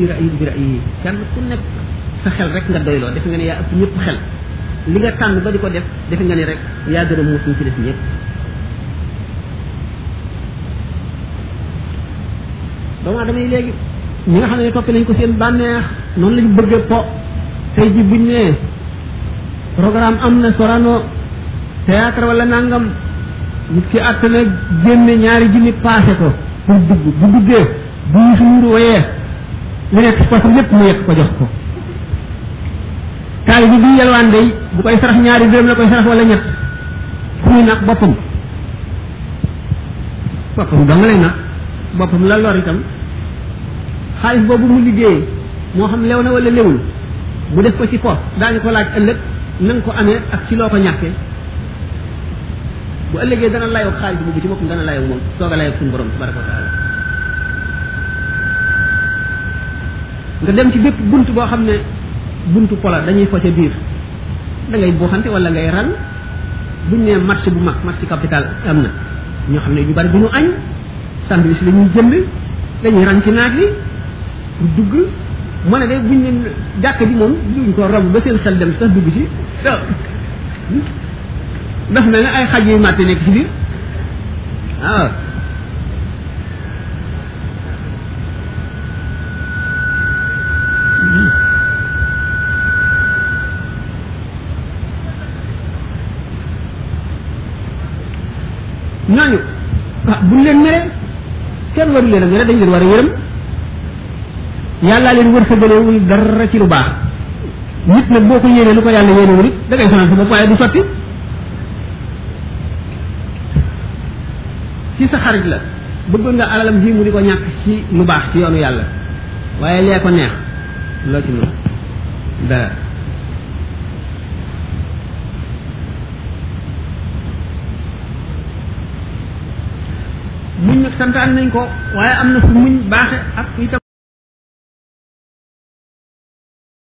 bira yi bira yi kenn ku nekk sa xel rek nga doyloo def nga ne yaa ëpp ñëpp xel li nga tànn ba di ko def def nga ne rek yaa gën a muus ñu ci def ñëpp doomu aadama yi léegi ñi nga xam ne topp nañ ko seen bànneex noonu lañ bëgg po tey ji buñ ne programme am na sorano théâtre wala nangam nit ki àtt na génne ñaari junni passé ko pour dugg bu duggee bu ñu suñu wayee li nekk ci poosam mu yëkk ko jox ko taali bi bi yelwaan day bu koy sarax ñaari dërëm la koy sarax wala ñett ku muy nag boppam boppam dong lay nag boppam la lor itam xaalis boobu mu liggéeyee moo xam lew na wala lewul mu def ko ci poos daañu ko laaj ëllëg na nga ko amee ak ci loo ko ñàkkee bu ëllëgee dana layoo xaalis boobu ci boppam dana layoo moom soog a layoo suñu borom tabaraka wa taala nga dem ci bépp bunt boo xam ne buntu pola dañuy fo biir da ngay buuxante wala ngay ran buñ nee match bu mag match capital am na ñoo xam ne ñu bari bu ñu añ sandwich la ñuy jënd dañuy ran ci naaj li dugg mu ne de buñ ne jàkk bi moom duñ ko romb ba seen xel dem sax dugg ci daf mel ne ay xaj yuy màtte nekk ci biir waaw ñooñu ah buñ leen mere kenn waru leen a mere dañ leen war a yërëm yàllaa leen wërsëgalee wul dara ci lu baax nit nag boo ko yéenee lu ko yàlla yéene wul it da ngay sonal sa waaye du sotti ci sa xarit la bëggoon nga alalam ji mu di ko ñàkk ci lu baax ci yoonu yàlla waaye lee ko neex loo ci mën dara muñ nag santaan nañ ko waaye am na fu muñ baaxe ak itam